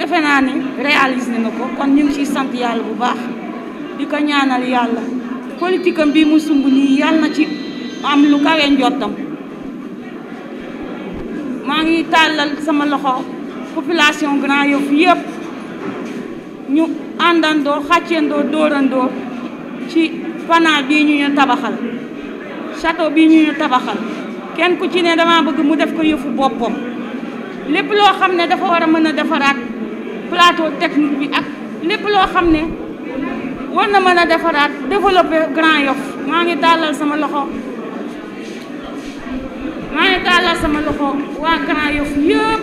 defe naa ni réalisé na ko kon ñu ngi ciy sant yàlla bu baax di ko ñaanal yàlla politique am bii mu sumb nii yàlla na ci am lu kawe njottam maa ngi tàllal sama loxo population Grand Yoff yëpp ñu àndandoo xàccandoo dóorandoo ci panaa bii ñu ñu tabaxal château bii ñu ñu tabaxal kenn ku ci ne dama bëgg mu def ko yëfu boppam lépp loo xam ne dafa war a mën a defaraat plateau technique bi ak lépp loo xam ne war na mën a defaraat développé Grand Yoff maa ngi tàllal sama loxo maa ngi tàllal sama loxo waa Grand Yoff yëpp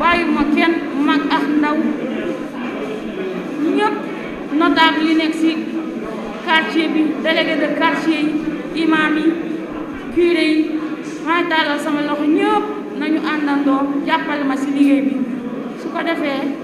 bàyyi ma kenn mag ak ndaw ñëpp notable yi nekk ci quartier bi délégué de quartier yi imam yi curé yi maa ngi tàllal sama loxo ñëpp nañu àndandoo jàppale ma ci liggéey bi su ko defee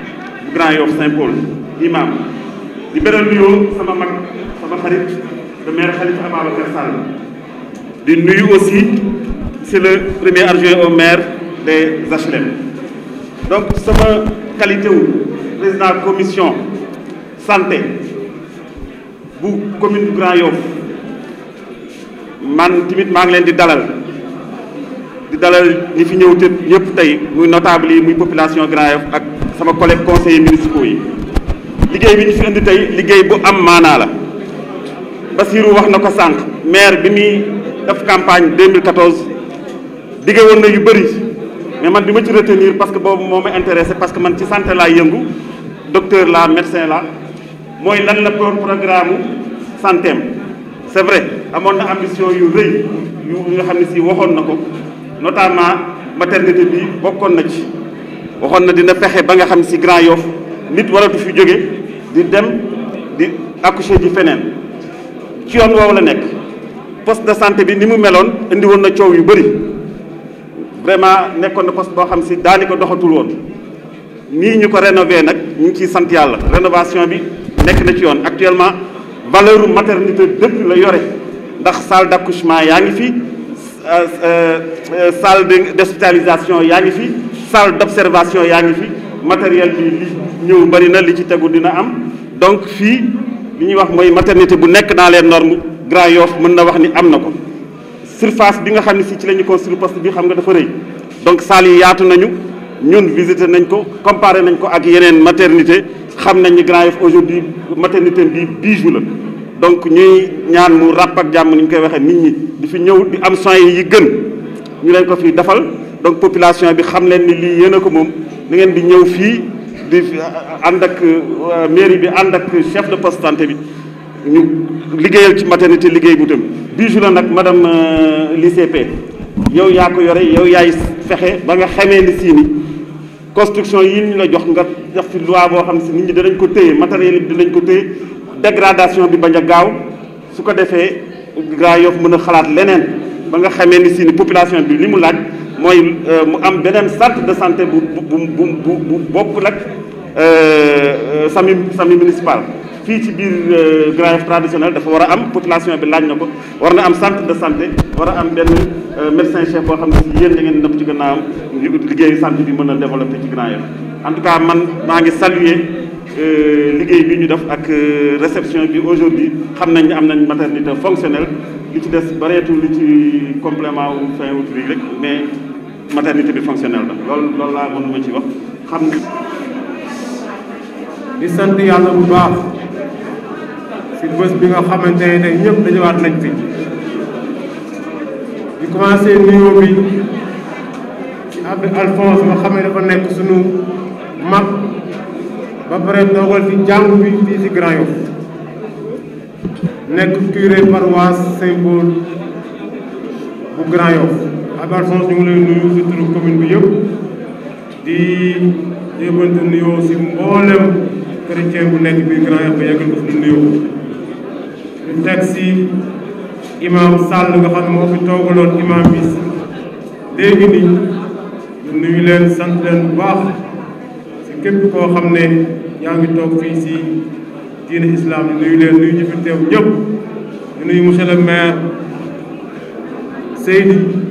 Grand Yoff Saint-Paul imam di beral nuyo sama mag sama xarit le maire Khalifa ababakar Sall di aussi c'est le premier adjoint au maire des HLM donc sama qualité de président commission santé bu commune du Grand Yoff man timit De ngi leen di dalal di dalal ni fi ñew te muy notable yi muy population Grand Yoff ak sama collègue conseillers municipaux yi liggéey bi ñu fi indi tey liggéey bu am maanaa Basirou Bassirou wax maire bi muy campagne 2014 diggé woon na yu bëri mais man bi ma ci retenir parce que bon moment intéressé parce que man ci santé la yëngu docteur la médecin la il lan la programme santé c'est vrai amoon na ambition yu rëy yu nga xam ne si waxoon na ko notamment maternité bi bokkoon na ci waxoon na dina fexe ba nga xam si Grand Yoff nit waratu fi jóge di dem di accoucher ji feneen ci yoon woowu la nek poste de santé bi ni mu meloon indi won na ciow yu bari vraiment nekkoon na poste bo xam si daanaka doxatul won ni ñu ko rénover nak ñu ci sante yalla rénovation bi nek na ci yoon actuellement valeur maternité depuis la yoré ndax salle d'accouchement, accouchement ngi fi euh, euh, euh, salle d'hospitalisation yaa ngi fi salle d'observation yaa ngi fi matériel bi li ñëw bari na li ci tegu dina am donc fii li ñuy wax mooy maternité bu nekk dans les normes Grand Yoff mën na wax ni am na ko surface bi nga xam ne si ci la ñu construire parce que bi xam nga dafa rëy donc salle yi yaatu nañu ñun visité nañ ko comparé nañ ko ak yeneen maternité xam nañ ni Grand Yoff aujourd'hui maternité bi bijou la donc ñuy ñaan mu ràpp ak jàmm ni ñu koy waxee nit ñi di fi ñëw di am soins yi gën ñu leen ko fi defal donc population bi xam leen ni lii yéen a ko moom da ngeen di ñëw fii di ànd ak mairie bi ànd ak chef de poste bi ñu liggéeyal ci maternité liggéey bu di bijou la nag madame euh, l'ICP yow yaa ko yore yow yaay fexe ba nga xamee ni sii ni construction yi ñu la jox nga def fi loi boo xam si nit ñi danañ ko téye matériel bi danañ ko téye dégradation bi bañ a gaaw su ko defee Grand Yoff mën a xalaat leneen ba nga xamee ni si population bi li mu laaj moy euh, mu am benen centre de santé bu bu bu bu bu nak euh sami euh, sami municipal fi ci bir euh, Grand traditionnel dafa wara am population bi lañ nako ko war na am centre de santé wara am benn médecin chef bo xam yeen si da ngeen nëpp ci gannaawam liggéeyu santé bi mën développer ci Grand Yoff en tout cas man maa ngi saluer liggéey bi ñu def ak réception bi aujourd'hui xam nañ ne am nañ maternité fonctionnelle li ci des bareetul li ci complément wu fin août bi rek mais maternité bi fonctionnelle la loolu loolu laa mën ma ci wax xam ne di sant yàlla bu baax si bés bi nga xamante ne ñëpp dañëwaat nañ fi di commencé nuyoo bi ci Abdou Alphonse nga xam ne dafa nekk suñu mag ba pare toogal ci jàngu bi fii ci Grand Yoff nekk curé paroisse Saint-Paul bu Grand Yoff Abass Sons ñu ngi lay nuyu commune bi yëpp di yóbbante nuyoo si mboolem chrétien bu nekk biir Grand Yoff yeggal ko suñu nuyoo ñu nuyu leen sant leen bu baax si képp koo xam ne yaa ngi toog fii si diine islam ñu nuyu leen nuyu ñi teew ñëpp ñu nuyu monsieur le maire Seydi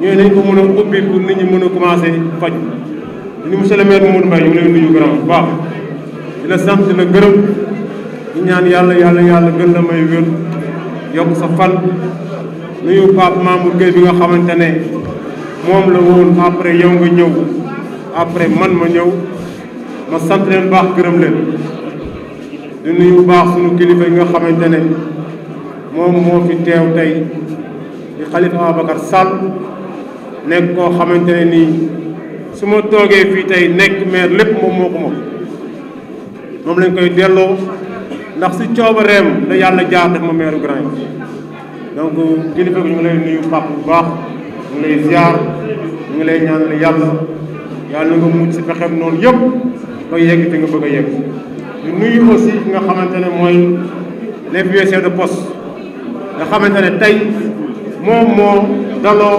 ñooy nañ ko mën a ubbi pour nit ñi mën a commencé faj ni monsieur le maire Mamadou Mbaye ñu ngi nuyu grand baax di la sant di la gërëm di ñaan yàlla yàlla yàlla gën la may wér yokk sa fan nuyu Pape Mamour Gueye bi nga xamante ne moom la woon après yow nga ñëw après man ma ñëw ma sant leen baax gërëm leen di nuyu baax suñu kilifa yi nga xamante ne moom moo fi teew tey di Khalifa Ababacar Sall nekk koo xamante ne nii su ma toogee fii tey nekk maire lépp moom moo ko moom lañ koy delloo ndax si coobareem la yàlla jaar def ma maire Grand donc kilifa gi ñu ngi lay nuyu pap bu baax ñu ngi lay ziar ñu ngi lay ñaanal yàlla yàlla nga mucc si fexeem noonu yëpp ba yegg fi nga bëgg a yegg ñu nuyu aussi ki nga xamante ne mooy les vieux chefs de nga xamante ne tey moom moo daloo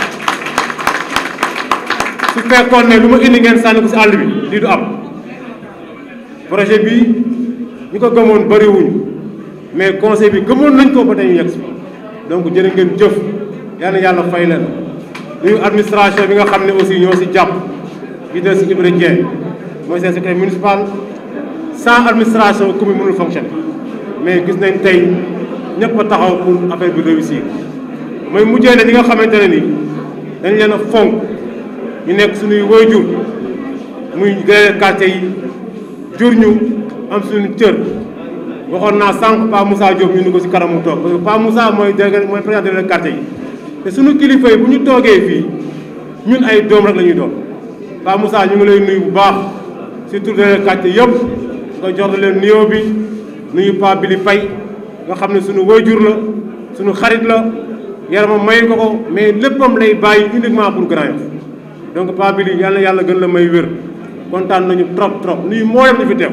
fekkoon ne lu ma indi ngeen sànni ko si àll bi lii du am projet bi ñu ko gëmoon bëriwuñu mais conseil bi gëmoon nañ ko ba tey ñu yegg si donc jërë ngeen jëf yal na yàlla fay leen nuyu administration bi nga xam ne aussi ñoo si jàmm yi a si Ibrahima Dieng mooy seen secrétaire municipal sans administration commune mënul fonctionner mais gis nañ tey ñëpp a taxaw pour affaire bi réussir mooy mujjee ne ñi nga xamante ne ni dañ leen a fonk ñu nekk suñuy waajur muy délégué quartier yi jur ñu am suñu cër waxoon naa sànq Pa Moussa Diop ñu ni ko si kanamu toog parce que Pa Moussa mooy délégué mooy président délégué quartier yi te suñu kilifa yi bu ñu toogee fii ñun ay doom rek la ñuy doon Pa ñu ngi lay nuyu bu baax si tur délégué quartier yëpp nga jox leen nuyoo bi nuyu Pa Bili Faye nga xam ne suñu jur la suñu xarit la yaramam may ko ko mais léppam lay bàyyi uniquement pour Grand Yoff donc Pape Bili yalla yalla gën la may wër kontaan nañu trop trop nuyu moyam ni fi teew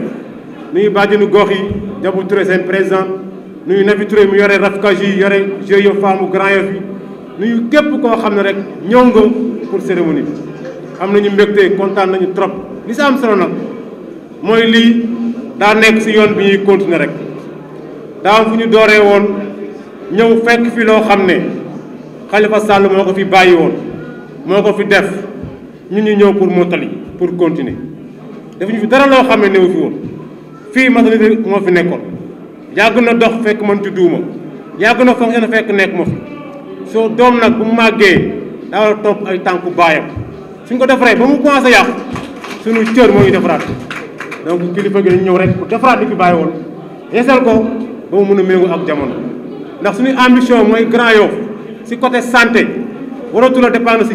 nuyu bàjjenu gox yi Diabou Touré seen président nuyu Nafi Touré mu yoré rafkaj yi yore GIE famu Grand Yoff yi nuyu képp ko xamné rek ñëw nga pour cérémonie bi am nañu mbégte kontaan nañu trop li sa am solo nag mooy lii daa nekk ci yoon bi ñuy continuer rek da fu ñu doré won ñew fekk fi lo xamné Khalifa Sall moko fi bayiwon moko fi def nous ñu ñëw pour motali pour continuer ñu fi dara loo xam ne fi woon fii moo fi nekkoon yàgg dox fekk man yàgg na fekk nekk ma fi soo doom nag bu mu màggee daa ay Vous suñ ko defaree ba mu commencé yàqu suñu cër moo ñu donc kilifa gi dañu ñëw rek pour defaraat li fi bàyyi woon yeesal ko ba mu mën a ak jamono ndax suñu ambition mooy Grand si côté santé waratul a dépendre si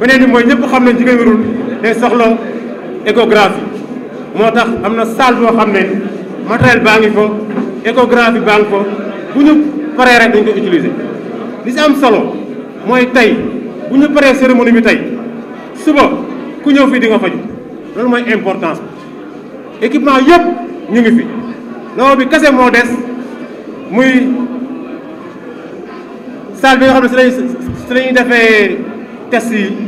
beneen bi mooy ñëpp xam ne jigéen wérul day soxla échographie moo tax am na salle boo xam ne matériel baa ngi fa échographie baa ngi fa bu ñu paree rek dañ ko utiliser. li si am solo mooy tey bu ñu paree cérémonie bi tey suba ku ñëw fii di nga loolu mooy importance équipement yëpp ñu ngi fi loolu bi kese moo des muy salle yoo xam ne si lañuy si lañuy defee test yi.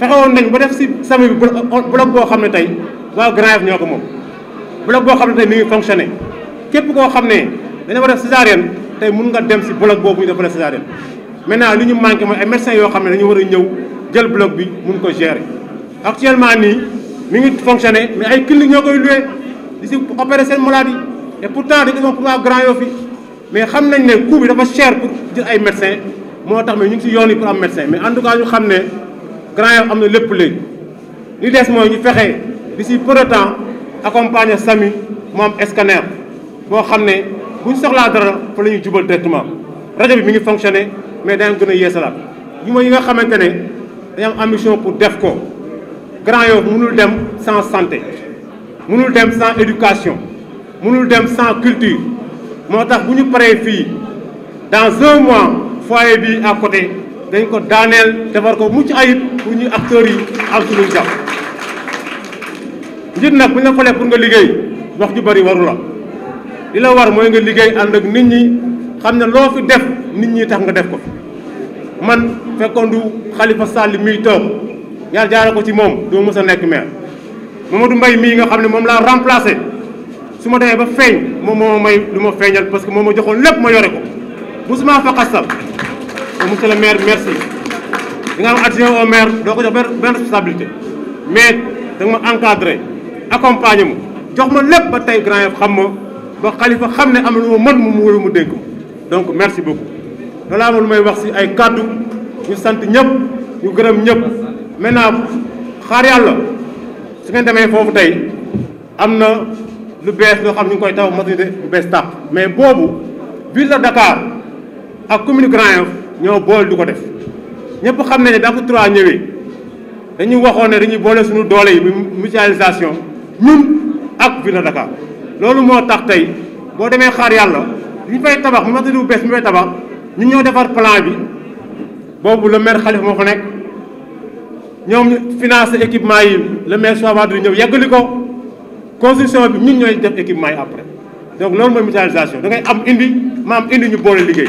fexewoon nañ ba def si sami bi bloc boo xam ne tey waaw grave ñoo ko moom bloc boo xam ne tey mi ngi fonctionné képp koo xam ne daña war a def césarienne tey mun nga dem si bloc boobu ñu dafa def césarienne maintenant li ñu manqué mooy ay médecins yoo xam ne dañu war a ñëw jël bi mun ko gérer actuellement nii mi ngi fonctionné mais ay clinique ñoo koy loué di si opérer seen maladie et pourtant dañu moom pour waa Grand Yoff mais xam nañ ne coût bi dafa cher pour jël ay médecins moo tax mais ñu ngi si yoon yi pour am médecin mais en tout cas ñu xam ne Grand Yoff am na lépp léegi li des mooy ñu fexe d'ici peu de temps accompagner sami mu am scanner boo xam ne bu ñu soxlaa dara fa la ñuy jubal directement rajo bi mi ngi fonctionner mais dañu gën a yeesalaat ñu mooy yi nga xamante ne dañu am ambition pour def ko Grand Yoff mënul dem sans santé mënul dem sans éducation mënul dem sans culture moo tax bu ñu paree fii dans un mois foyer bi à côté dañ ko daaneel defar ko mucc ayib pour ñu acteurs yi am suñuy jàpp njit nag bu ñu la pour nga liggéey wax ju bari waru la li la war mooy nga liggéey ànd ak nit ñi xam ne loo fi def nit ñi tax nga def ko man fekkoon du Khalifa Sall miy toog yàlla jaara ko ci moom doo mës a nekk maire Mamadou mbay mii nga xam ne moom laa remplacé su ma demee ba feeñ moom moo may lu ma feeñal parce que moom ma joxoon lépp ma yore ko musuma fa Ah, monsieur le maire merci di nga am adjoint au maire doo ko jox benn responsabilité mais da ma encadré accompagné ma jox ma lépp ba tey grand xam ma ba xalifa xam ne am na lu ma mën mu wóolu mu dégg donc merci beaucoup loolu am lu may wax si ay kàddu ñu sant ñëpp ñu gërëm ñëpp maintenant xaar yàlla su ngeen demee foofu tey am na lu bees loo xam ñu ngi koy taw matuñu de lu bees tàq mais boobu ville de Dakar ak commune Grand Yoff ñoo boole du ko def ñëpp xam ne ne ba ko trois ñëwee dañu waxoon ne dañuy boole suñu doole yi mutualisation ñun ak ville de Dakar loolu moo tax tey boo demee xaar yàlla ñu fay tabax mu matériel bu bees mu fay tabax ñu ñoo defar plan bi boobu le maire Khalifa moo fa nekk ñoom financé équipement yi le maire Souamadou ñëw yeggali ko construction bi ñu ñooy def équipement yi après donc loolu mooy mutualisation da ngay am indi ma am indi ñu boole liggéey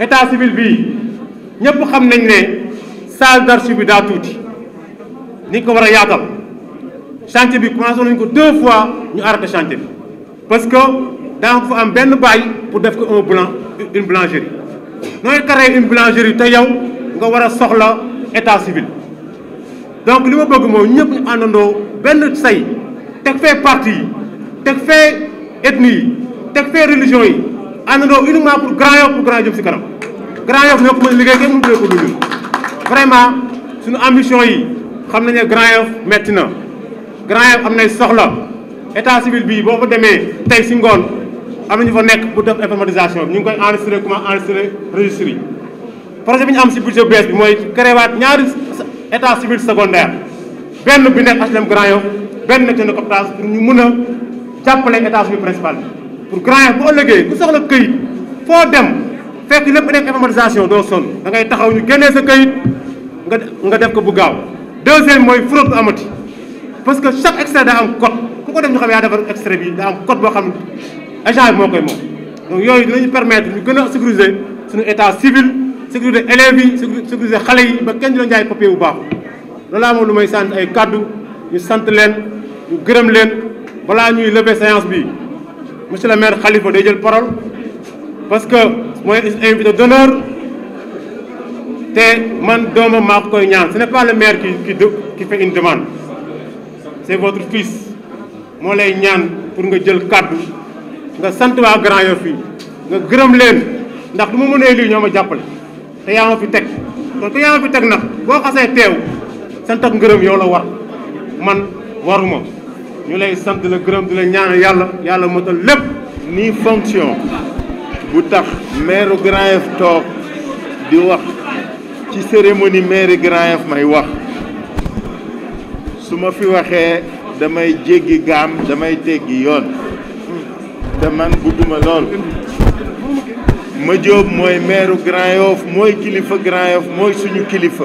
état civil nous ñepp xam nañ né salle d'archive bi ni ko wara chantier bi ko deux fois ñu arrêté parce que nous avons am benn pour def un blanc une boulangerie une boulangerie Nous yow nga wara soxla état civil donc li bëgg ñu benn say parti fait ethnie religion àndandoo uniquement pour Grand Yoff pour Grand Yoff jëm si kanam Grand Yoff ñoo ko mën liggéey kenn mënu ko dul ñun vraiment suñu ambition yi xam nañ ne Grand Yoff metti na soxla état civil bii boo fa demee tey si ngoon am nañu fa nekk pour def informatisation ñu ngi koy enregistré comment enregistré registre yi projet bi ñu am si budget bees bi mooy créé ñaari état civil secondaire benn bi nekk HLM Grand Yoff benn nekk seen coopérative pour ñu mën a jàppale état civil principal pour grand bu ëllëgee ku soxla këyit fo dem fekk lepp nek informatisation do sonn da ngay taxaw ñu génnee sa këyit nga nga def ko bu gaaw deuxième moy fraude amati parce que chaque extrait da am code ku ko dem ñu xam ya defar extrait bi daa am code bo xam ne agent bi koy mom donc yooyu dinañu permettre ñu gën a sécuriser suñu état civil sécuriser élèves yi sécuriser xale yi ba kenn du la jaay papier bu baax loolaa moom lu may sant ay kàddu ñu sant leen ñu gërëm leen balaa ñuy lever séance bi monsieur le maire Khalifa day jël parole parce que moi suis invité d'honneur te man doomam maa koy ñaan ce n'est pas le maire qui qui qui fait une demande c'est votre fils mo lay ñaan pour nga jël cadeau. nga sant wa Grand Yoff fii nga gërëm leen ndax duma mëne li ñoma ñoo té ya nga fi teg kon te yaa ma fi teg nak bo xasse teew sant ak ngërëm yow la war man waruma ñu lay sant la gërëm di la ñaan yàlla yàlla motal lépp ni fonction bu tax maire Grand Yoff toog di wax ci cérémonie maire Grand Yoff may wax su ma fi waxee damay jéggi gaam damay teggi yoon te man gudduma lool ma jóob mooy maire Grand Yoff mooy kilifa Grand Yoff mooy suñu kilifa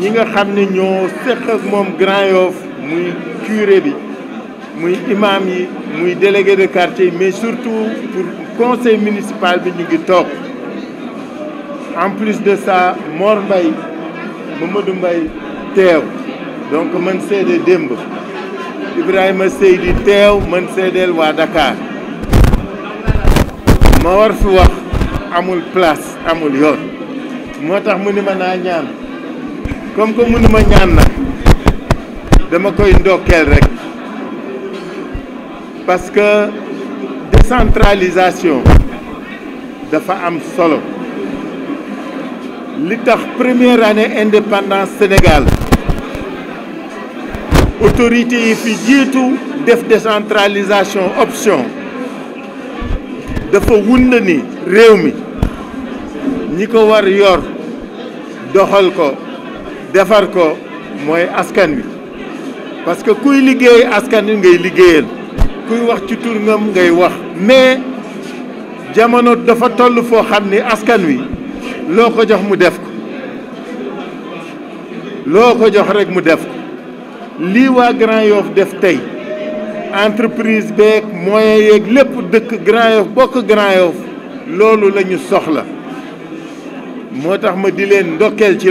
ñi nga xam ne ñoo séq ak moom Grand Yoff muy curé bi muy imam yi muy délégué de quartier mais surtout pour conseil municipal bi ñu ngi toog en plus de ça Mor mbay Mamadou mbay teew donc man seede démb Ibrahima Seydi teew man seedeel waa Dakar ma war fi wax amul place amul yoon moo tax mu ni ma naa ñaan comme que mënuma ñaan nag dama koy ndokel rek parce que décentralisation dafa am solo li tax première année indépendance Sénégal autorité yi fi jiitu def décentralisation option dafa wund ni réew mi ñi ko war yor doxal ko ko moy askan wi parce que kuy liggéey askan ngay liggéeyal kuy wax ci ngam ngay wax mais jamono dafa toll foo xam askan wi loko jox mu def ko loko jox rek mu def ko Ce Grand yof def tay entreprise bek moyen yek lepp Grand yof bokk Grand yof lolou lañu soxla motax ma di ci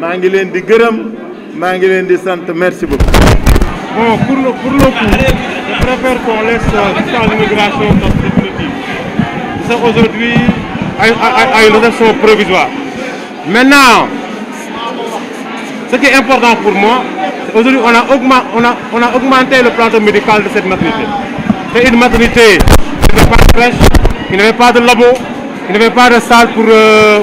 maa de di de Santé, merci beaucoup. bon pour le pour le coup je préfère qu'on laisse sans l'immigration comme définitive sommes aujourd'hui à une location provisoire. maintenant ce qui est important pour moi aujourd'hui on a augmenté on a on augmenté le médical de cette maternité. c'est une maternité qui n'avait pas de flèche, qui n'avait pas de labo, qui n'avait pas de salle pour euh,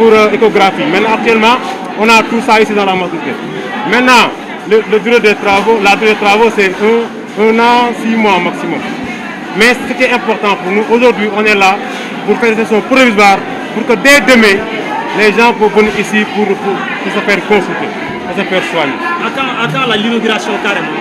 pour échographie. Maintenant, actuellement, on a tout ça ici dans la mosquée. Maintenant, le, durée des travaux, la durée des travaux, c'est un, an, six mois maximum. Mais ce qui est important pour nous, aujourd'hui, on est là pour faire des sessions provisoires pour que dès demain, les gens peuvent venir ici pour, se faire consulter, pour se faire soigner. Attends, l'inauguration carrément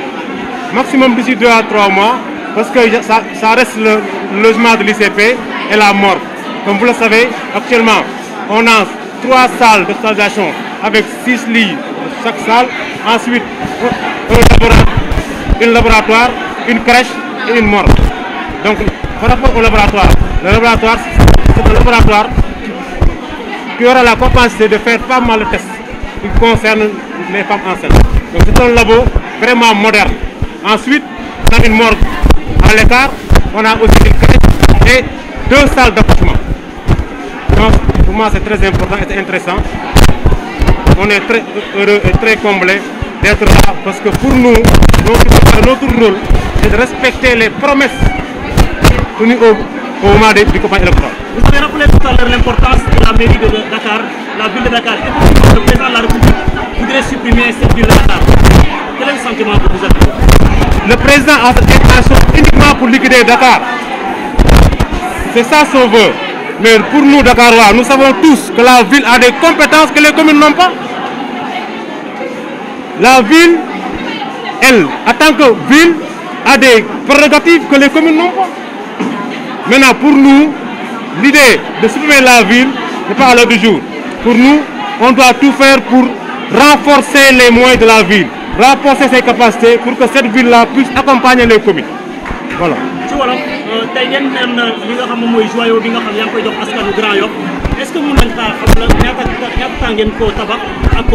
Maximum d'ici deux à trois mois, parce que ça, reste le logement de l'ICP et la mort. Comme vous le savez, actuellement, on a trois salles de stabilisation avec six lits de chaque salle. Ensuite, un laboratoire, une crèche et une morgue. Donc, par rapport au laboratoire, le laboratoire, c'est un laboratoire qui, aura la capacité de faire pas mal de tests qui concernent les femmes enceintes. Donc, c'est un labo vraiment moderne. Ensuite, on a une morgue à l'écart, on a aussi une crèche et deux salles d'accouchement. Pour moi, c'est très important et intéressant. On est très heureux et très comblés d'être là parce que pour nous, notre, rôle, est de respecter les promesses tenues au, au des, du campagne électoral. Vous avez rappelé tout à l'heure l'importance de la mairie de Dakar, la ville de Dakar. le président de la République voudrait supprimer cette ville de Dakar. Quel est le sentiment que vous avez Le président a cette intention uniquement pour liquider Dakar. C'est ça son vœu. Mais pour nous, Dakarois, nous savons tous que la ville a des compétences que les communes n'ont pas. La ville, elle, en tant que ville, a des prérogatives que les communes n'ont pas. Maintenant, pour nous, l'idée de supprimer la ville n'est pas à l'heure du jour. Pour nous, on doit tout faire pour renforcer les moyens de la ville, renforcer ses capacités pour que cette ville-là puisse accompagner les communes. Voilà. ci wolof euh, tey ngeen euh, ce que ngeen koo tabax ak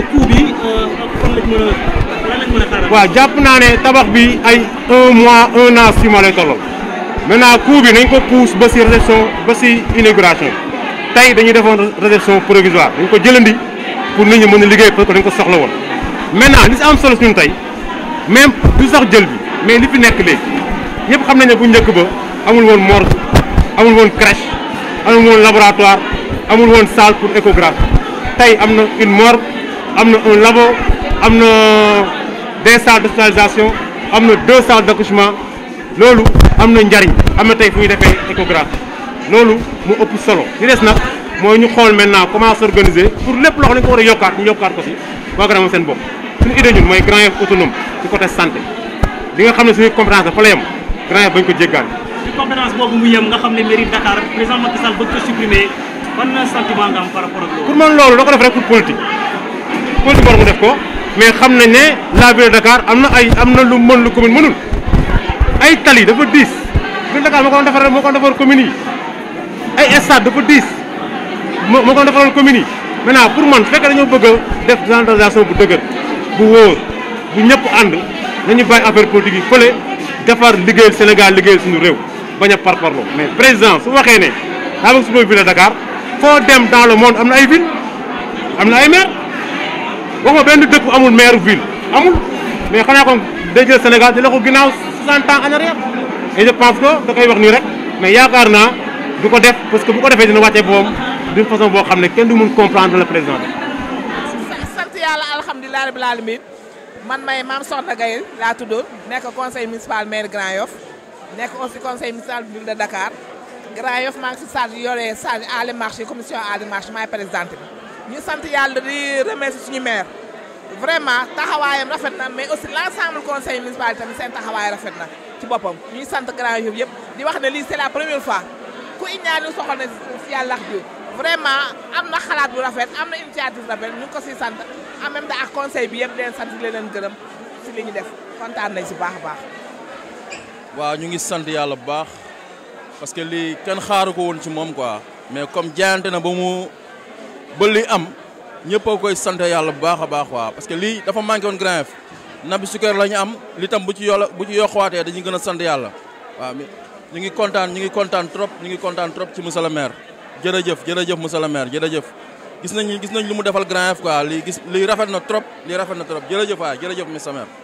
euh, waaw jàpp naa ne tabax bi ay un mois un an si ma lay tolloo maintenant coût bi nañ ko pousse ba si réception ba si inauguration tey dañuy defoon réception provisoire dañ ko jëlandi pour nit ñi mën a liggéey parce que dañ ko soxla woon maintenant li si am solo suñu tey même du sax jël bi mais li fi nekk léegi. ñépp xam nañ ne bu njëkk ba amul woon morgue amul woon crèche amul woon laboratoire amul woon salle pour échographe tey am na une morgue am na un labo am na des salles d'hospitalisation am na deux salles d'accouchement loolu am na njariñ am na tey fu ñu defee échographe loolu mu ëpp solo li des nag mooy ñu xool maintenant comment s'organiser pour lépp loo xam ne ko war a yokkaat ñu yokkaat ko ci waa Grand Yoff seen bopp suñu idée ñun mooy Grand Yoff autonome nga xam ne suñu compétence dafa la grave bañ ko jéggaan ci compétence bobu mu yëm nga xamné mairie Dakar président Macky Sall bëgg ko supprimer ban sentiment nga am par rapport ak loolu pour man lolu dako def rek pour politique politique war def ko mais xam nañ la ville de Dakar amna ay amna lu mën lu commune mënul ay tali dafa 10 ville Dakar moko defal moko defal commune yi ay stade dafa 10 moko defal commune yi maintenant pour man fekk dañu bëgg def centralisation bu deugër bu wóor bu ñëpp and nañu bay affaire politique yi defar liggéeyal Sénégal liggéeyal suñu réew bañ a parparloo mais président su waxee né avec suñu ville de Dakar foo dem dans le monde am na ay ville am na ay maire waxuma benn dëkk amul maire ville amul mais xanaa kon day jël Sénégal di la ko ginnaaw 60 ans en arrière et je pense que da koy wax nii rek mais yaakaar naa du ko def parce que bu ko defee dina wàccee boobu d'une façon boo xam ne kenn du mun comprendre le président sant rabbil alamin man may maam Soxna Gaye laa tuddoon nekk conseil municipal maire Grand Yoff nekk aussi conseil municipal ville de Dakar Grand Yoff maa ngi si charge yore charge à marché commission à marché maay présidente bi ñu sant yàlla di remercier suñu maire vraiment taxawaayam rafet na mais aussi l' ensemble conseil municipal tamit seen taxawaay rafet na ci boppam ñuy sant Grand Yoff yëpp di wax ne lii c' est la première fois ku iñaan ñu soxal na si yàlla vraiment am na xalaat bu rafet am na initiative rafet ñu ko siy sant en même ak conseil bi yëpp di leen sant di leen gërëm si li ñu def kontaan nañ si baax a baax. waaw ñu ngi sant yàlla bu baax parce que lii kenn xaaru ko woon ci moom quoi mais comme jaayante na ba mu ba li am ñëpp a koy sant yàlla bu baax a baax quoi parce que lii dafa manqué woon Grand Yoff nabi sukkër la ñu am li tam bu ci yoola bu ci yokkuwaatee dañuy gën a sant yàlla waaw ñu ngi kontaan ñu ngi kontaan trop ñu ngi kontaan trop ci monsieur le maire. jërëjëf jërëjëf monsieur le maire jërëjëf gis nañ gis nañ lu mu defal Grand Yoff quoi lii gis rafet na trop li rafet na trop jërëjëf waay jërëjëf monsieur le maire